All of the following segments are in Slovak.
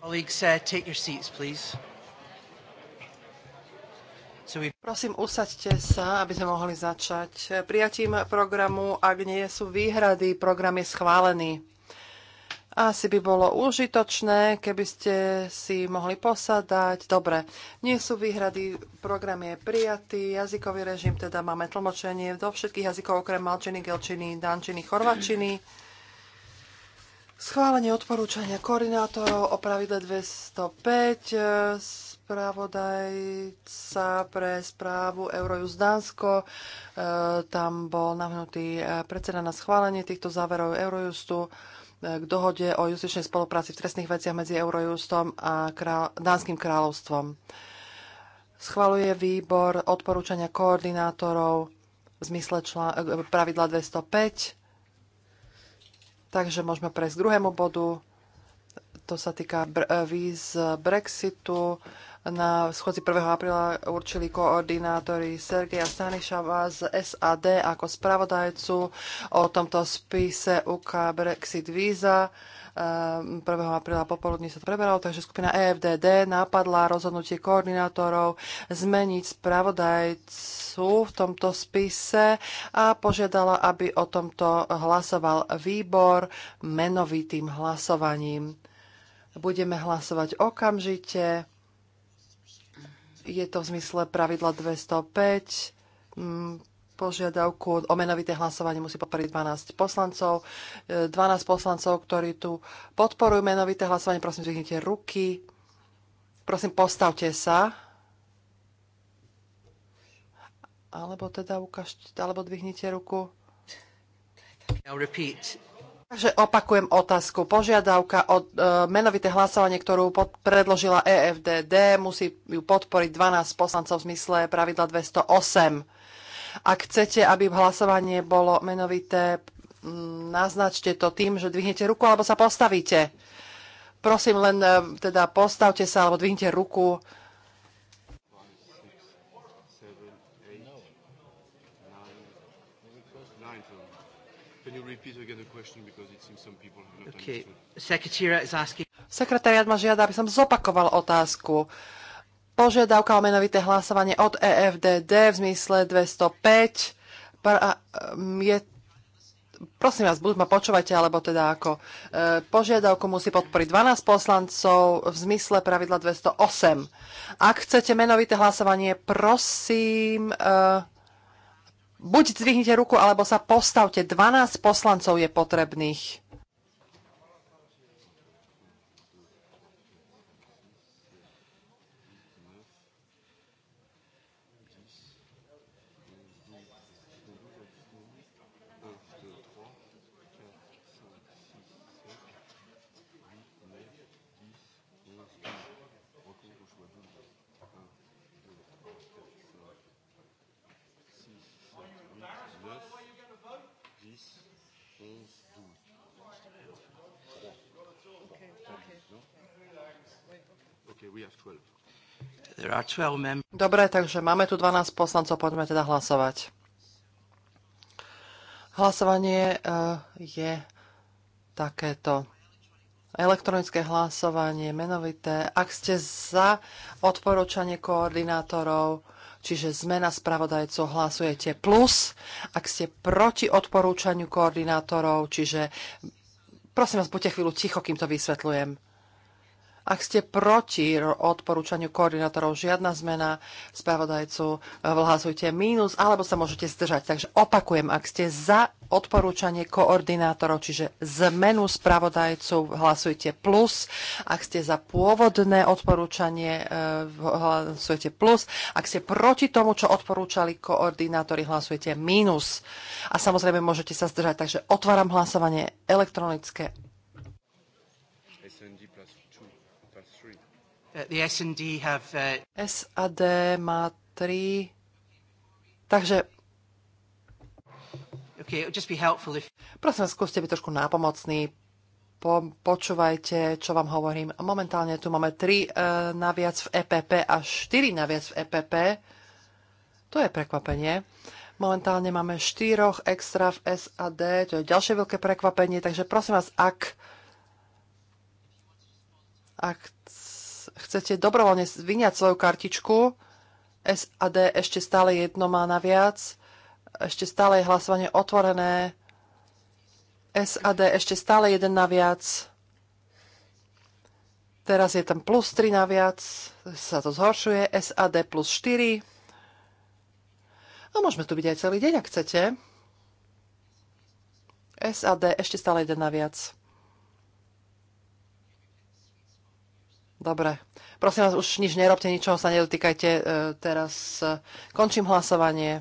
Uh, Prosím, usaďte sa, aby sme mohli začať. Eh, prijatím programu, ak nie sú výhrady, program je schválený. Asi by bolo užitočné, keby ste si mohli posadať. Dobre, nie sú výhrady, program je prijatý, jazykový režim, teda máme tlmočenie do všetkých jazykov, okrem malčiny, gelčiny, dančiny, chorvačiny. Schválenie odporúčania koordinátorov o pravidle 205, spravodajca pre správu Eurojust Dánsko, e, tam bol navnutý e, predseda na schválenie týchto záverov Eurojustu e, k dohode o justičnej spolupráci v trestných veciach medzi Eurojustom a král- Dánskym kráľovstvom. Schvaluje výbor odporúčania koordinátorov v zmysle pravidla 205 Takže môžeme prejsť k druhému bodu to sa týka eh, víz Brexitu. Na schodzi 1. apríla určili koordinátori Sergeja Stanišava z SAD ako spravodajcu o tomto spise UK Brexit víza. 1. Eh, apríla popoludní sa to preberalo, takže skupina EFDD napadla rozhodnutie koordinátorov zmeniť spravodajcu v tomto spise a požiadala, aby o tomto hlasoval výbor menovitým hlasovaním. Budeme hlasovať okamžite. Je to v zmysle pravidla 205. Mm, požiadavku o menovité hlasovanie musí podporiť 12 poslancov. 12 e, poslancov, ktorí tu podporujú menovité hlasovanie, prosím, zvihnite ruky. Prosím, postavte sa. Alebo teda ukážte, alebo dvihnite ruku. repeat. Takže opakujem otázku. Požiadavka o e, menovité hlasovanie, ktorú pod, predložila EFDD, musí ju podporiť 12 poslancov v zmysle pravidla 208. Ak chcete, aby hlasovanie bolo menovité, m, naznačte to tým, že dvihnete ruku alebo sa postavíte. Prosím len e, teda postavte sa alebo dvihnite ruku, Sekretariat ma žiada, aby som zopakoval otázku. Požiadavka o menovité hlasovanie od EFDD v zmysle 205 um, je prosím vás, buď ma počúvate, alebo teda ako e, požiadavku musí podporiť 12 poslancov v zmysle pravidla 208. Ak chcete menovité hlasovanie, prosím, e, buď zdvihnite ruku, alebo sa postavte. 12 poslancov je potrebných. Dobre, takže máme tu 12 poslancov, poďme teda hlasovať. Hlasovanie e, je takéto elektronické hlasovanie, menovité. Ak ste za odporúčanie koordinátorov, čiže zmena spravodajcov, hlasujete plus. Ak ste proti odporúčaniu koordinátorov, čiže prosím vás, buďte chvíľu ticho, kým to vysvetľujem. Ak ste proti odporúčaniu koordinátorov, žiadna zmena spravodajcu, hlasujte eh, mínus, alebo sa môžete zdržať. Takže opakujem, ak ste za odporúčanie koordinátorov, čiže zmenu spravodajcu, hlasujte plus. Ak ste za pôvodné odporúčanie, eh, hlasujte plus. Ak ste proti tomu, čo odporúčali koordinátori, hlasujte mínus. A samozrejme môžete sa zdržať. Takže otváram hlasovanie elektronické SND plus 2, plus 3. Uh, the SND have... Uh... SAD má 3. Takže... Okay, just be helpful if... Prosím skúste byť trošku nápomocný. Po, počúvajte, čo vám hovorím. Momentálne tu máme 3 uh, naviac v EPP a 4 naviac v EPP. To je prekvapenie. Momentálne máme štyroch extra v SAD, to je ďalšie veľké prekvapenie, takže prosím vás, ak ak chcete dobrovoľne vyňať svoju kartičku, SAD ešte stále jedno má naviac, ešte stále je hlasovanie otvorené, SAD ešte stále jeden naviac, teraz je tam plus 3 naviac, sa to zhoršuje, SAD plus 4, a môžeme tu byť aj celý deň, ak chcete. SAD ešte stále jeden naviac. Dobre. Prosím vás, už nič nerobte, ničoho sa nedotýkajte. E, teraz e, končím hlasovanie.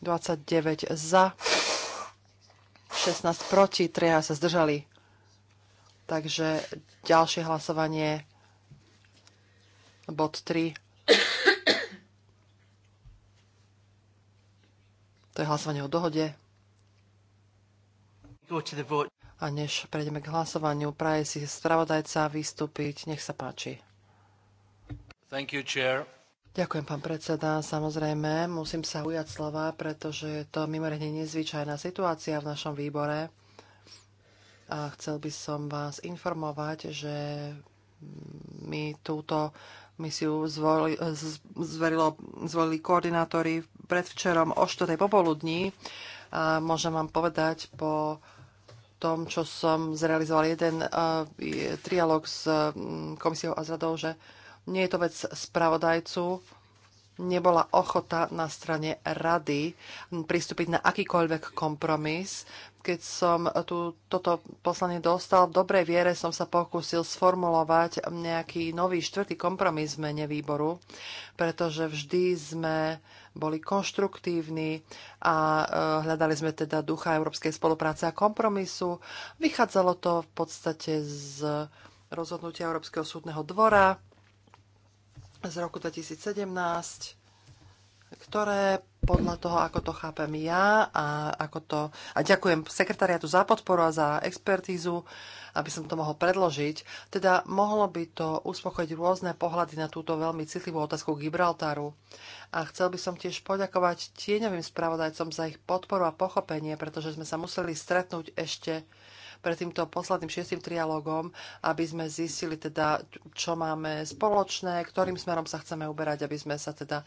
29 za, 16 proti, 3 sa zdržali. Takže ďalšie hlasovanie, bod 3. To je hlasovanie o dohode. A než prejdeme k hlasovaniu, praje si spravodajca vystúpiť. Nech sa páči. Thank you, chair. Ďakujem, pán predseda. Samozrejme, musím sa ujať slova, pretože je to mimoriadne nezvyčajná situácia v našom výbore. A chcel by som vás informovať, že my túto misiu zvoli, zverilo, zvolili koordinátori predvčerom o 4. popoludní. A môžem vám povedať po tom, čo som zrealizoval jeden uh, trialog s uh, komisiou a zradou, radou, že nie je to vec spravodajcu, nebola ochota na strane rady mm, pristúpiť na akýkoľvek kompromis. Keď som eh, tu, toto poslanie dostal, v dobrej viere som sa pokúsil sformulovať nejaký nový štvrtý kompromis v mene výboru, pretože vždy sme uh, boli konštruktívni a e, hľadali sme teda ducha európskej spolupráce a kompromisu. Vychádzalo to v podstate z rozhodnutia Európskeho súdneho dvora z roku 2017, ktoré podľa toho, ako to chápem ja a, ako to, a ďakujem sekretariatu za podporu a za expertízu, aby som to mohol predložiť. Teda mohlo by to uspokojiť rôzne pohľady na túto veľmi citlivú otázku Gibraltaru. A chcel by som tiež poďakovať tieňovým spravodajcom za ich podporu a pochopenie, pretože sme sa museli stretnúť ešte pred týmto posledným šiestým trialogom, aby sme zistili teda, čo máme spoločné, ktorým smerom sa chceme uberať, aby sme sa teda e,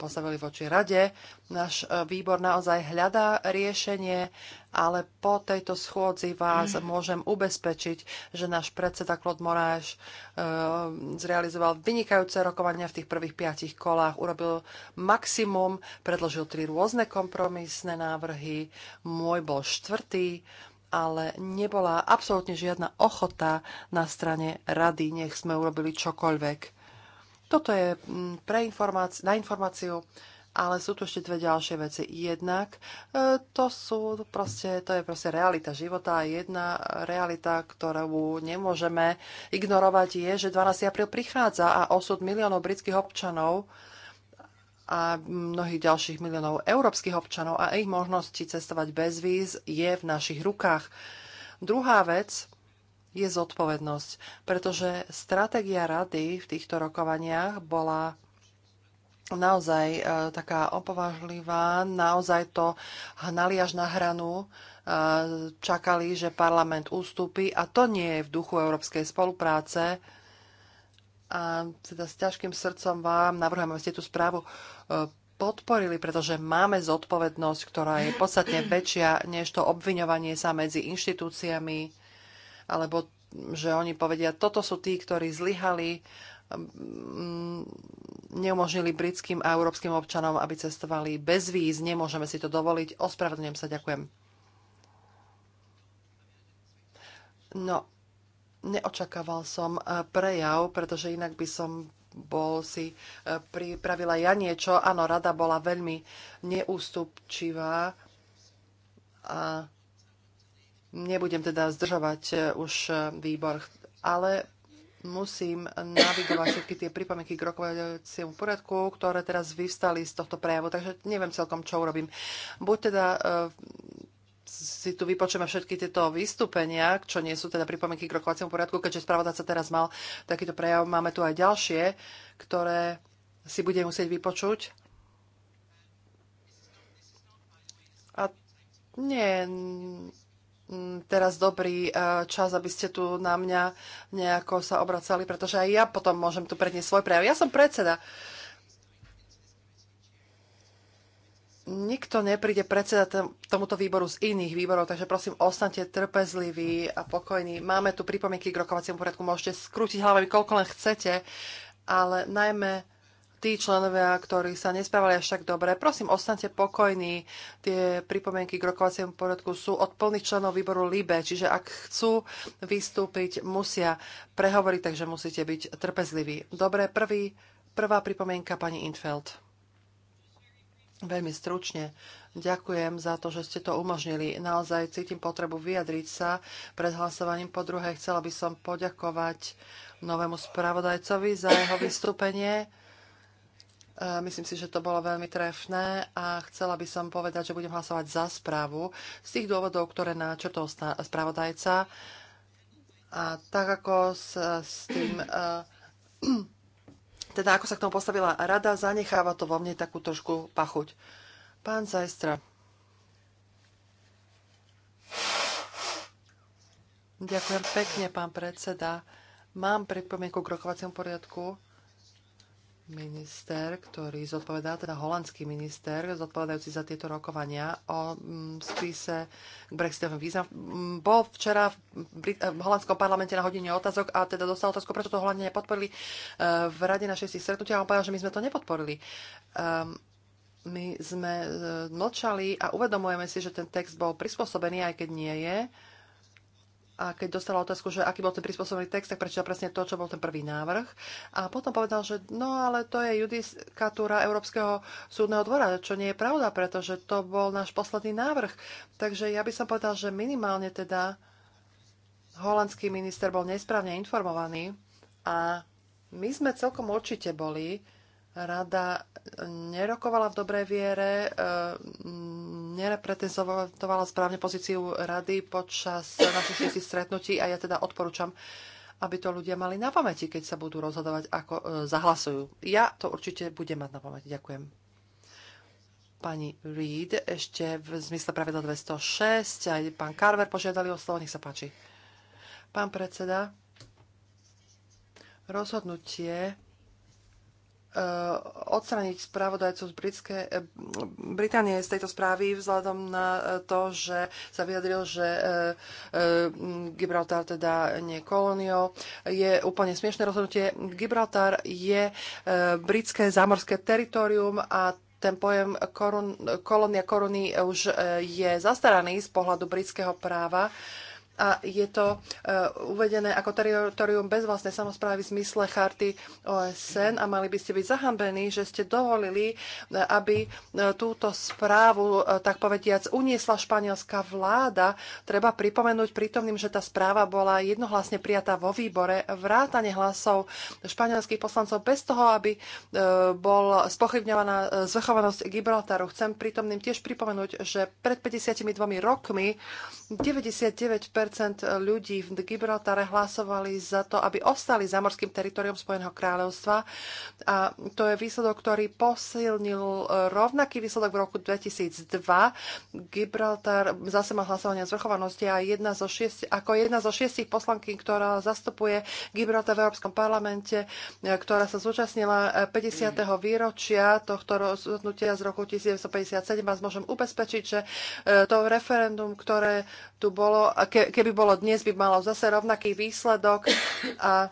postavili voči rade. Náš e, výbor naozaj hľadá riešenie, ale po tejto schôdzi vás mm. môžem ubezpečiť, že náš predseda Klod Moráš e, zrealizoval vynikajúce rokovania v tých prvých piatich kolách, urobil maximum, predložil tri rôzne kompromisné návrhy, môj bol štvrtý, ale nebola absolútne žiadna ochota na strane rady, nech sme urobili čokoľvek. Toto je mm, pre informáci- na informáciu, ale sú tu ešte dve ďalšie veci. Jednak e, to sú proste, to je proste realita života a jedna realita, ktorú nemôžeme ignorovať je, že 12. apríl prichádza a osud miliónov britských občanov a mnohých ďalších miliónov európskych občanov a ich možnosti cestovať bez víz je v našich rukách. Druhá vec je zodpovednosť, pretože stratégia rady v týchto rokovaniach bola naozaj e, taká opovažlivá, naozaj to hnali až na hranu, e, čakali, že parlament ústupí a to nie je v duchu európskej spolupráce, a teda s ťažkým srdcom vám navrhujem, aby ste tú správu e, podporili, pretože máme zodpovednosť, ktorá je podstatne väčšia než to obviňovanie sa medzi inštitúciami, alebo že oni povedia, toto sú tí, ktorí zlyhali, neumožnili britským a európskym občanom, aby cestovali bez víz, nemôžeme si to dovoliť, ospravedlňujem sa, ďakujem. No, neočakával som e, prejav, pretože inak by som bol si e, pripravila ja niečo. Áno, rada bola veľmi neústupčivá a nebudem teda zdržovať e, už výbor, ale musím navigovať všetky tie pripomienky k rokovaciemu poriadku, ktoré teraz vyvstali z tohto prejavu, takže neviem celkom, čo urobím. Buď teda si tu vypočujeme všetky tieto vystúpenia, čo nie sú teda pripomienky k rokovaciemu poriadku, keďže spravodajca teraz mal takýto prejav. Máme tu aj ďalšie, ktoré si bude musieť vypočuť. A nie teraz dobrý eh, čas, aby ste tu na mňa nejako sa obracali, pretože aj ja potom môžem tu predniesť svoj prejav. Ja som predseda. Uh, nikto nepríde predseda tomuto výboru z iných výborov, takže prosím, ostaňte trpezliví a pokojní. Máme tu pripomienky k rokovaciemu poriadku, môžete skrútiť hlavami koľko len chcete, ale najmä tí členovia, ktorí sa nesprávali až tak dobre, prosím, ostaňte pokojní. Tie pripomienky k rokovaciemu poriadku sú od plných členov výboru LIBE, čiže ak chcú vystúpiť, musia prehovoriť, takže musíte byť trpezliví. Dobre, prvý, prvá pripomienka pani Infeld. Veľmi stručne ďakujem za to, že ste to umožnili. Naozaj cítim potrebu vyjadriť sa pred hlasovaním. Po druhé, chcela by som poďakovať novému spravodajcovi za jeho vystúpenie. E, myslím si, že to bolo veľmi trefné a chcela by som povedať, že budem hlasovať za správu z tých dôvodov, ktoré načrtol spravodajca. A tak ako s, s tým uh, teda ako sa k tomu postavila rada, zanecháva to vo mne takú trošku pachuť. Pán Zajstra. Ďakujem pekne, pán predseda. Mám pripomienku k rokovaciemu poriadku minister, ktorý zodpovedá, teda holandský minister, zodpovedajúci za tieto rokovania o mm, spise k Brexitovým význam. Mm, bol včera eh, v, holandskom parlamente na hodine otázok a teda dostal otázku, prečo to Holandia nepodporili eh, v rade na šestich stretnutia a on povedal, že my sme to nepodporili. Ehm, my sme eh, mlčali a uvedomujeme si, že ten text bol prispôsobený, aj keď nie je a keď dostala otázku, že aký bol ten prispôsobený text, tak prečítal presne to, čo bol ten prvý návrh. A potom povedal, že no ale to je judikatúra Európskeho súdneho dvora, čo nie je pravda, pretože to bol náš posledný návrh. Takže ja by som povedal, že minimálne teda holandský minister bol nesprávne informovaný a my sme celkom určite boli, rada nerokovala v dobrej viere, e, nereprezentovala správne pozíciu rady počas našich šiestich stretnutí a ja teda odporúčam, aby to ľudia mali na pamäti, keď sa budú rozhodovať, ako e, zahlasujú. Ja to určite budem mať na pamäti. Ďakujem. Pani Reid, ešte v zmysle pravidla 206, aj pán Carver požiadali o slovo, nech sa páči. Pán predseda, rozhodnutie Eh, odstraniť spravodajcu z Britské, eh, Británie z tejto správy vzhľadom na eh, to, že sa vyjadril, že Gibraltar teda nie je kolóniou. Je úplne smiešné rozhodnutie. Gibraltar je britské zámorské teritorium a ten pojem korun, kolónia korony už je zastaraný z pohľadu britského práva a je to e, uvedené ako teritorium bez vlastnej samozprávy v zmysle charty OSN a mali by ste byť zahambení, že ste dovolili, e, aby e, túto správu, tak povediac, uniesla španielská vláda. Treba pripomenúť prítomným, že tá správa bola jednohlasne prijatá vo výbore vrátane hlasov španielských poslancov bez toho, aby bol spochybňovaná zvrchovanosť Gibraltaru. Chcem prítomným tiež pripomenúť, že pred 52 rokmi 99% ľudí v Gibraltare hlasovali za to, aby ostali za morským teritoriom Spojeného kráľovstva. A to je výsledok, ktorý posilnil rovnaký výsledok v roku 2002. Gibraltar zase má hlasovanie zvrchovanosti a jedna zo šiesti, ako jedna zo šiestich poslanky, ktorá zastupuje Gibraltar v Európskom parlamente, ktorá sa zúčastnila 50. výročia tohto rozhodnutia z roku 1957 vás môžem ubezpečiť, že e, to referendum, ktoré tu bolo, ke, keby bolo dnes, by malo zase rovnaký výsledok a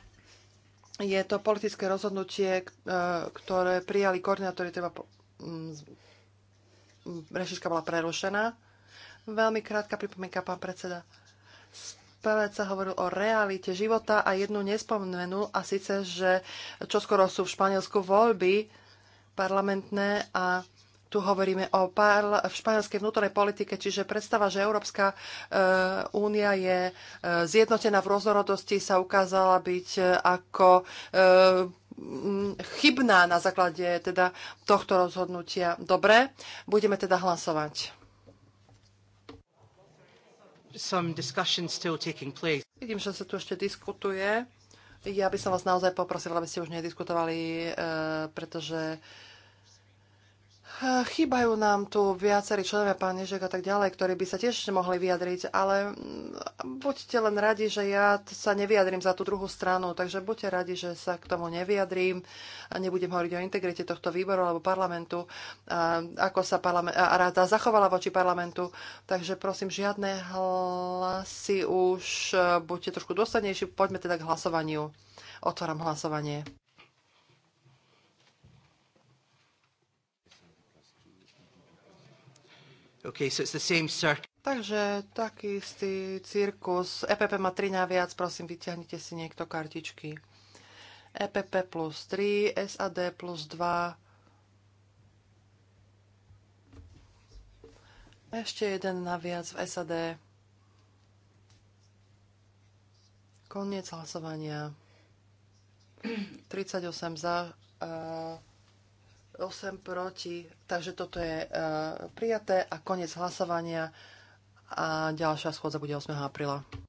je to politické rozhodnutie, e, ktoré prijali koordinátori, treba rešiška bola prerušená. Veľmi krátka pripomienka, pán predseda. Spevec sa hovoril o realite života a jednu nespomenul, a síce, že čoskoro sú v Španielsku voľby parlamentné a tu hovoríme o parl- v španielskej vnútornej politike, čiže predstava, že Európska e, únia je e, zjednotená v rôznorodosti, sa ukázala byť e, ako chybná na základe teda tohto rozhodnutia. Dobre, budeme teda hlasovať. Vidím, že sa tu ešte diskutuje. Ja by som vás naozaj poprosila, aby ste už nediskutovali, pretože Eh, chýbajú nám tu viacerí členovia, pán Ježek a tak ďalej, ktorí by sa tiež mohli vyjadriť, ale mm, buďte len radi, že ja sa nevyjadrím za tú druhú stranu, takže buďte radi, že sa k tomu nevyjadrím a nebudem hovoriť o integrite tohto výboru alebo parlamentu, a ako sa parlament, a rada zachovala voči parlamentu, takže prosím, žiadne hlasy už, eh, buďte trošku dôslednejší, poďme teda k hlasovaniu. Otváram hlasovanie. Okay, so it's the same circus. Takže taký istý cirkus. EPP má 3 naviac, prosím, vyťahnite si niekto kartičky. EPP plus 3, SAD plus 2. Ešte jeden naviac v SAD. Koniec hlasovania. 38 za, uh, 8 proti, takže toto je e, prijaté a koniec hlasovania a ďalšia schôdza bude 8. apríla.